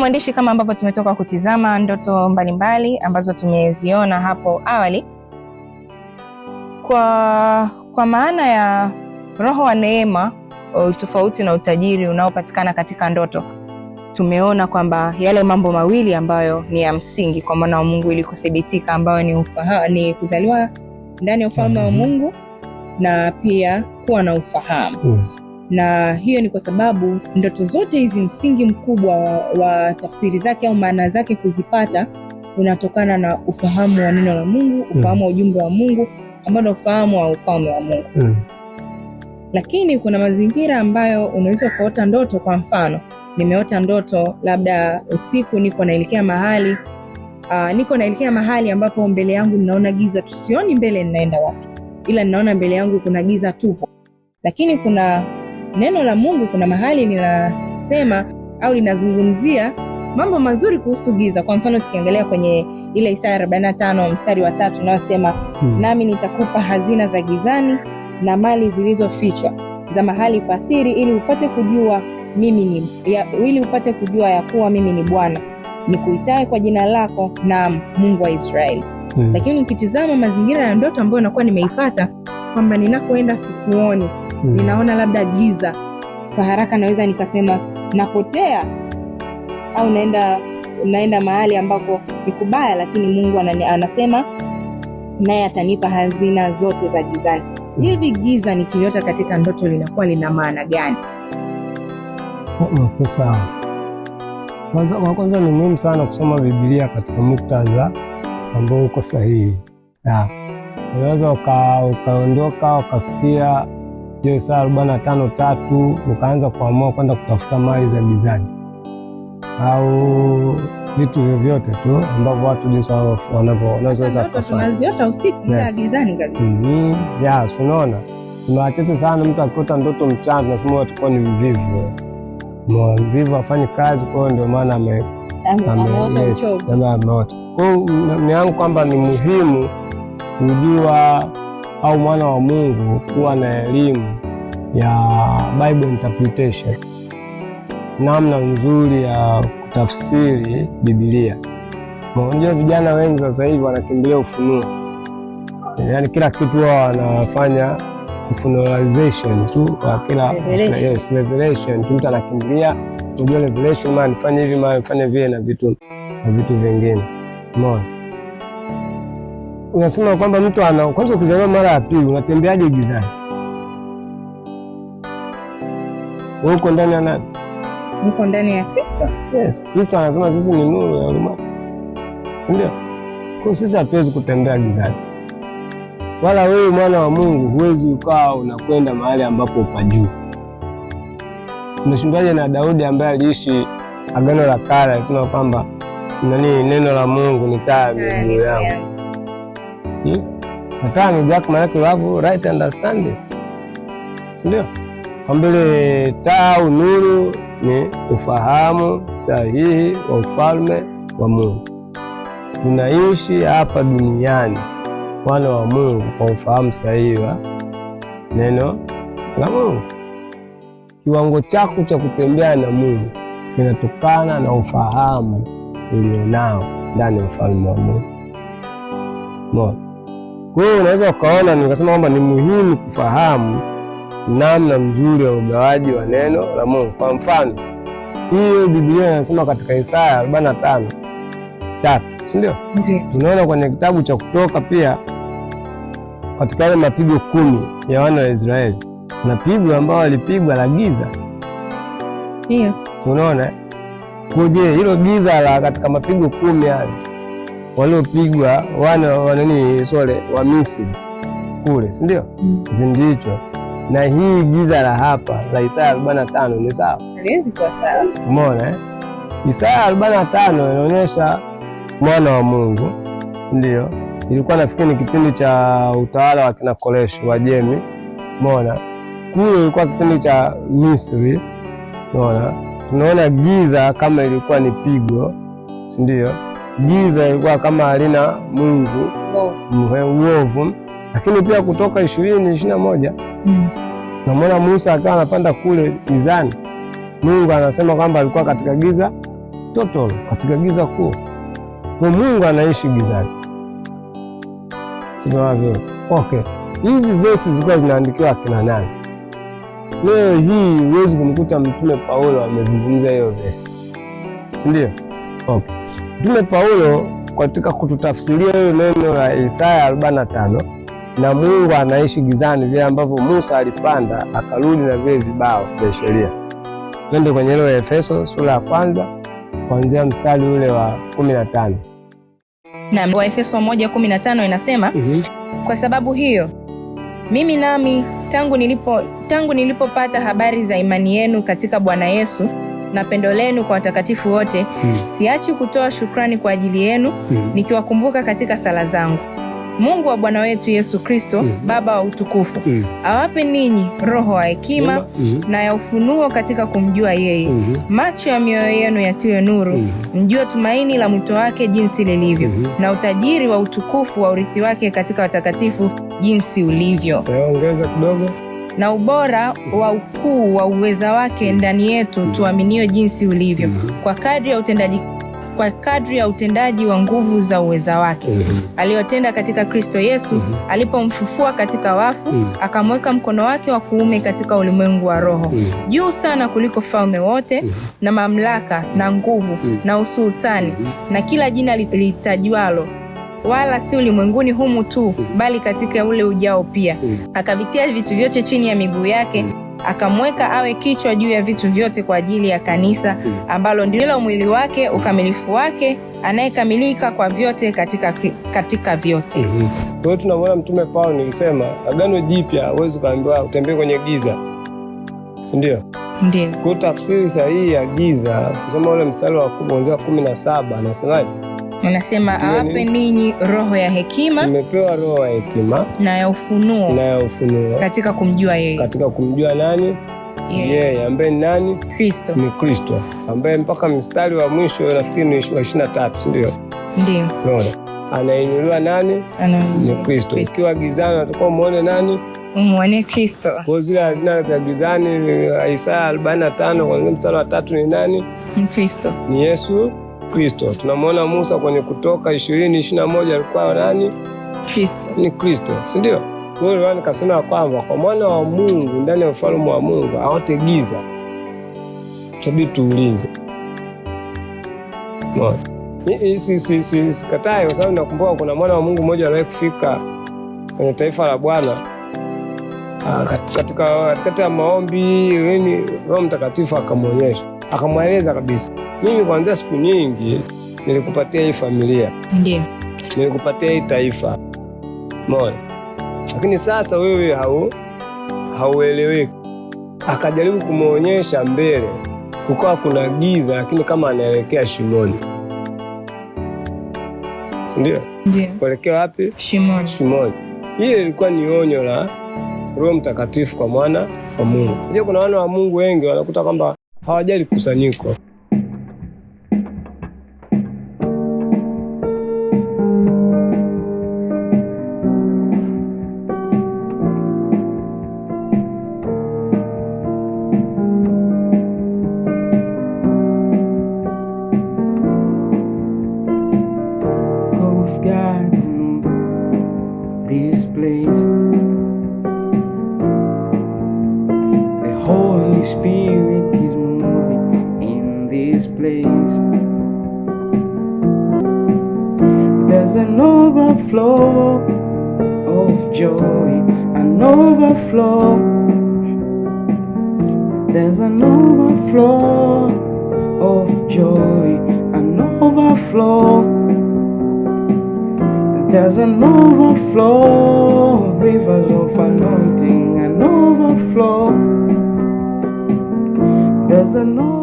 mwandishi, kama ambavyo tumetoka kutizama ndoto mbalimbali ambazo tumeziona hapo awali, kwa, kwa maana ya roho wa neema, uh, tofauti na utajiri unaopatikana katika ndoto, tumeona kwamba yale mambo mawili ambayo ni ya msingi kwa mwana wa Mungu ili kuthibitika, ambayo ni, ufahamu, ni kuzaliwa ndani ya ufalme wa mhm. Mungu na pia kuwa na ufahamu yes na hiyo ni kwa sababu ndoto zote hizi, msingi mkubwa wa, wa tafsiri zake au maana zake kuzipata unatokana na ufahamu wa neno la Mungu, mm. ufahamu wa ujumbe wa Mungu ambao ni ufahamu wa ufalme wa Mungu mm. Lakini kuna mazingira ambayo unaweza ukaota ndoto. Kwa mfano, nimeota ndoto labda usiku niko naelekea mahali aa, niko naelekea mahali ambapo mbele yangu ninaona giza tu, sioni mbele ninaenda wapi, ila ninaona mbele yangu kuna giza tupo, lakini kuna Neno la Mungu kuna mahali linasema au linazungumzia mambo mazuri kuhusu giza. Kwa mfano tukiangalia kwenye ile Isaya 45 mstari wa tatu unaosema hmm, nami nitakupa hazina za gizani na mali zilizofichwa za mahali pasiri, ili upate kujua mimi ni ya, ili upate kujua ya kuwa mimi ni Bwana nikuitaye kwa jina lako, na Mungu wa Israeli. Hmm. Lakini nikitizama mazingira ya ndoto ambayo nakuwa nimeipata kwamba ninakoenda sikuoni mm. ninaona labda giza kwa haraka, naweza nikasema napotea au naenda naenda mahali ambako ni kubaya, lakini Mungu anani, anasema naye atanipa hazina zote za gizani. Mm. Hivi giza nikiliota katika ndoto linakuwa lina maana gani? Okay, sawa. Kwanza ni muhimu sana kusoma Biblia katika muktadha ambao uko sahihi. Unaweza ukaondoka ukasikia hiyo saa arobaini na tano tatu ukaanza kuamua kwenda kutafuta mali za gizani au vitu vyovyote tu ambavyo watu jinsi wanavyoweza kuziota usiku gizani kabisa. Mm-hmm. Ya, unaona kuna wachache sana, mtu akiota ndoto mchana tunasema atakuwa ni mvivu, mvivu afanyi kazi. Kwa hiyo ndio maana ameota. Kwa hiyo mm, yangu kwamba ni muhimu kujua au mwana wa Mungu kuwa na elimu ya Bible interpretation, namna nzuri ya kutafsiri Biblia. Unajua vijana wengi sasa hivi wanakimbilia ufunuo, yaani kila kitu wao wanafanya ufunualization tu kwa kila yes, revelation tu, mtu anakimbilia unajua revelation, maana nifanye hivi, maana nifanye vile na vitu na vitu vingine, umeona unasema kwamba mtu ana kwanza, ukizaliwa mara ya pili unatembeaje gizani? Wewe uko ndani ya nani? Uko ndani ya Kristo. Yes, Kristo anasema sisi ni nuru ya ulimwengu, si ndio? Kwa sisi hatuwezi kutembea gizani, wala wewe mwana wa Mungu huwezi ukawa unakwenda mahali ambapo upajuu. Umeshindaje na Daudi ambaye aliishi agano la kale, anasema kwamba nani, neno la Mungu ni taa ya miguu yangu Nataka ni black maanake you right understand. si ndio? Kwambile taa nuru ni ufahamu sahihi wa ufalme wa Mungu. Tunaishi hapa duniani wana wa Mungu kwa ufahamu sahihi wa neno la Mungu. Kiwango chako cha kutembea na Mungu kinatokana na ufahamu ulionao ndani ya ufalme wa Mungu. Mungu. Kwa hiyo unaweza ukaona, nikasema kwamba ni muhimu kufahamu namna mzuri ya ugawaji wa neno la Mungu. Kwa mfano, hiyo Biblia inasema katika Isaya arobaini na tatu, si ndio? Tunaona kwenye kitabu cha Kutoka pia katika yale mapigo kumi ya wana wa Israeli na pigo ambao walipigwa la giza, ndio unaona. kuje hilo giza la katika mapigo kumi hayo waliopigwa wana wanani sole wa Misri kule, si ndio? Mm. Kipindi hicho na hii giza la hapa la Isaya 45 ni sawa, haliwezi kuwa sawa. Umeona eh? Isaya 45 inaonyesha mwana wa Mungu, si ndio? Ilikuwa nafikiri ni kipindi cha utawala wa kina Koreshi wa Jemi, umeona kule ilikuwa kipindi cha Misri, umeona tunaona giza kama ilikuwa ni pigo, si ndio? giza ilikuwa kama halina Mungu uovu, lakini pia Kutoka ishirini ishirini na moja mm. namwona Musa akawa anapanda kule gizani. Mungu anasema kwamba alikuwa katika giza totolo, katika giza kuu. Kwa Mungu anaishi gizani, sinavyo okay. Hizi vesi zilikuwa zinaandikiwa akina nani? Leo hii huwezi kumkuta Mtume Paulo amezungumza hiyo vesi, si ndio? Okay. Mtume Paulo katika kututafsiria hilo neno la Isaya 45 na Mungu anaishi gizani, vile ambavyo Musa alipanda akarudi na vile vibao vya sheria. Twende kwenye hilo Efeso sura ya kwanza kuanzia mstari ule wa 15 na Efeso 1:15 inasema mm -hmm. Kwa sababu hiyo mimi nami tangu nilipo tangu nilipopata habari za imani yenu katika Bwana Yesu na pendo lenu kwa watakatifu wote mm. Siachi kutoa shukrani kwa ajili yenu mm. nikiwakumbuka katika sala zangu. Mungu wa Bwana wetu Yesu Kristo mm. Baba wa utukufu mm. awape ninyi roho wa hekima mm. na ya ufunuo katika kumjua yeye mm -hmm. macho ya mioyo yenu yatiwe nuru mm. mjue tumaini la mwito wake jinsi lilivyo mm -hmm. na utajiri wa utukufu wa urithi wake katika watakatifu jinsi ulivyo. Ongeza kidogo na ubora wa ukuu wa uweza wake ndani yetu tuaminiwe jinsi ulivyo mm-hmm. kwa kadri ya utendaji kwa kadri ya utendaji wa nguvu za uweza wake mm-hmm. aliyotenda katika Kristo Yesu mm-hmm. alipomfufua katika wafu, akamweka mkono wake wa kuume katika ulimwengu wa roho, juu sana kuliko falme wote na mamlaka na nguvu na usultani na kila jina litajwalo wala si ulimwenguni humu tu, mm. bali katika ule ujao pia. Mm. Akavitia vitu vyote chini ya miguu yake, mm. akamweka awe kichwa juu ya vitu vyote kwa ajili ya kanisa, ambalo ndilo mwili wake, ukamilifu wake, anayekamilika kwa vyote katika, katika vyote. Mm-hmm. Kwa hiyo tunamwona Mtume Paulo, nilisema Agano Jipya uwezi ukaambiwa utembee kwenye giza, si ndio? Ndio. Kwa tafsiri sahihi ya giza, kusoma ule mstari wa kuanzia kumi na saba anasemaje? Unasema awape ninyi roho ya hekima. Tumepewa roho ya hekima na ya ufunuo, na ya ufunuo katika kumjua yeye, katika kumjua nani? Yeye yeah. yeah, ambaye ni nani? Kristo. Ni Kristo ambaye mpaka mstari wa mwisho nafikiri ni wa ishirini na tatu, si ndio? Ndio, unaona anainuliwa nani? Ni Kristo. Ukiwa gizani atakuwa umwone nani? Umwone Kristo. Kwa zile hazina za gizani, Isaya 45 kuanzia mstari wa tatu ni nani? Ni Kristo, ni Yesu Kristo. Tunamwona Musa kwenye Kutoka ishirini ishirini na moja alikuwa nani? Kristo, ni Kristo, si ndio? Kwa hiyo nikasema kwamba kwa mwana wa Mungu ndani ya ufalme wa Mungu aote giza, tabidi tuulize Sikatai kwa sababu nakumbuka kuna mwana wa Mungu mmoja aliwahi kufika kwenye taifa la Bwana ah, katika, katikati ya maombi, Roho Mtakatifu akamwonyesha, akamweleza kabisa mimi kuanzia siku nyingi nilikupatia hii familia, ndio nilikupatia hii taifa mona, lakini sasa wewe hau haueleweki. Akajaribu kumwonyesha mbele, kukawa kuna giza, lakini kama anaelekea shimoni, sindio? Kuelekea wapi? Shimoni, shimoni. Ile ilikuwa ni onyo la Roho Mtakatifu kwa mwana wa Mungu. Unajua, kuna wana wa Mungu wengi wanakuta kwamba hawajali kusanyiko Spirit is moving in this place. There's an overflow of joy, an overflow. There's an overflow of joy, an overflow. There's an overflow of rivers of anointing, an overflow. There's a no